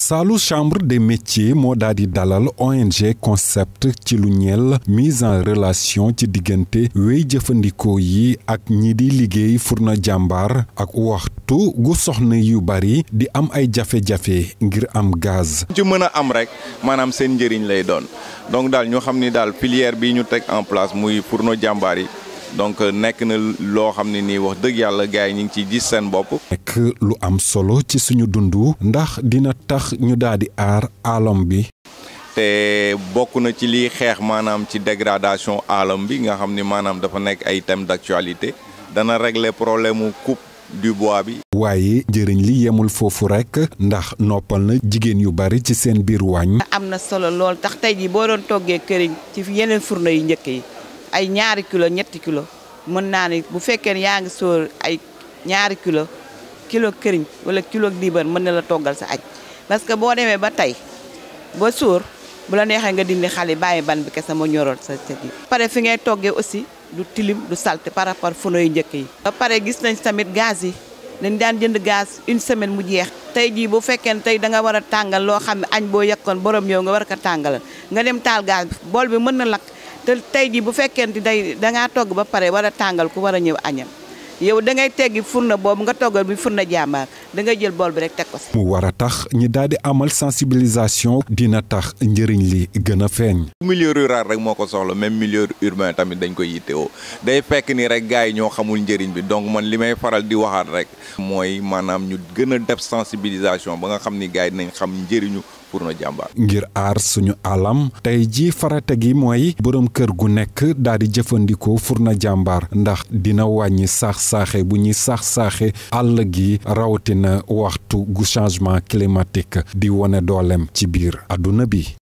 saalu chambre des métiers moo daal di dalal ONG concept ci lu ñeel mise en relation ci diggante wéy jëfandikoo yi ak ñi di liggéey Furna Jàmbaar ak waxtu gu soxna yu bari di am ay jafe-jafe ngir am gaz. ci mën a am rek maanaam seen njëriñ lay doon donc daal ñoo xam ni daal filière bi ñu teg en place muy Furna Jàmbaar yi. donc euh, nekk na loo xam ne nii wax dëgg yàlla gars yi ñu ngi ciy gis seen bopp. nekk lu am solo ci suñu dund. ndax dina tax ñu daal di aar alam bi. te bokk na ci liy xeex maanaam ci dégradation alam bi nga xam ni maanaam dafa nekk ay thèmes d'actualité dana régler problème mu coupe du bois bi. waaye njëriñ li yemul foofu rek ndax noppal na jigéen yu bari ci seen biir wàññ am na solo lool tax tey boo doon toggee këriñ ci yeneen fourneau yu njëkk yi. ay ñaari kilo ñetti kilo mën naa ne bu fekkee yaa ngi sóor ay ñaari kilo kilo këriñ wala kilo diibar mën na la toggal sa añ parce que boo demee ba tey ba sóor bu la neexee nga dindi xale bàyyi ban bi kese moo ñoroon sa sa ji. pare fi ngay toggee aussi du tilim du salte par rapport fono yu njëkk yi. ba pare gis nañ tamit gaz yi dañ daan jënd gaz une semaine mu jeex. tey jii bu fekkee ne da nga war a tàngal loo xam ne añ boo yekkoon borom yow nga war a ko tàngalal nga dem taal gaz bi bool bi mën na lakk. te tey jii bu fekkente day dangaa togg ba pare war a tàngal ku war a ñëw añam yow dangay ngay teggi furna boobu nga toggal bi furna jàmbaar da ngay jël bool bi rek teg ko si. mu war a tax ñi daal di amal sensibilisation dina tax njëriñ li gën a feeñ. milieu rural rek moo ko soxla même milieu urbain tamit dañ koy yittewoo day fekk ni rek gars yi ñoo xamul njëriñ bi donc man li may faral di waxaat rek. mooy maanaam ñu gën a def sensibilisation ba nga xam ni gars yi dinañ xam njëriñu. pour nos ngir aar suñu alam tey jii farata gi mooy borom kër gu nekk daal di jëfandikoo furna jàmbaar ndax dina wàññi saax saaxe bu ñuy saax saaxe àll gi rawatina waxtu gu changement climatique di wane dooleem ci biir àdduna bi.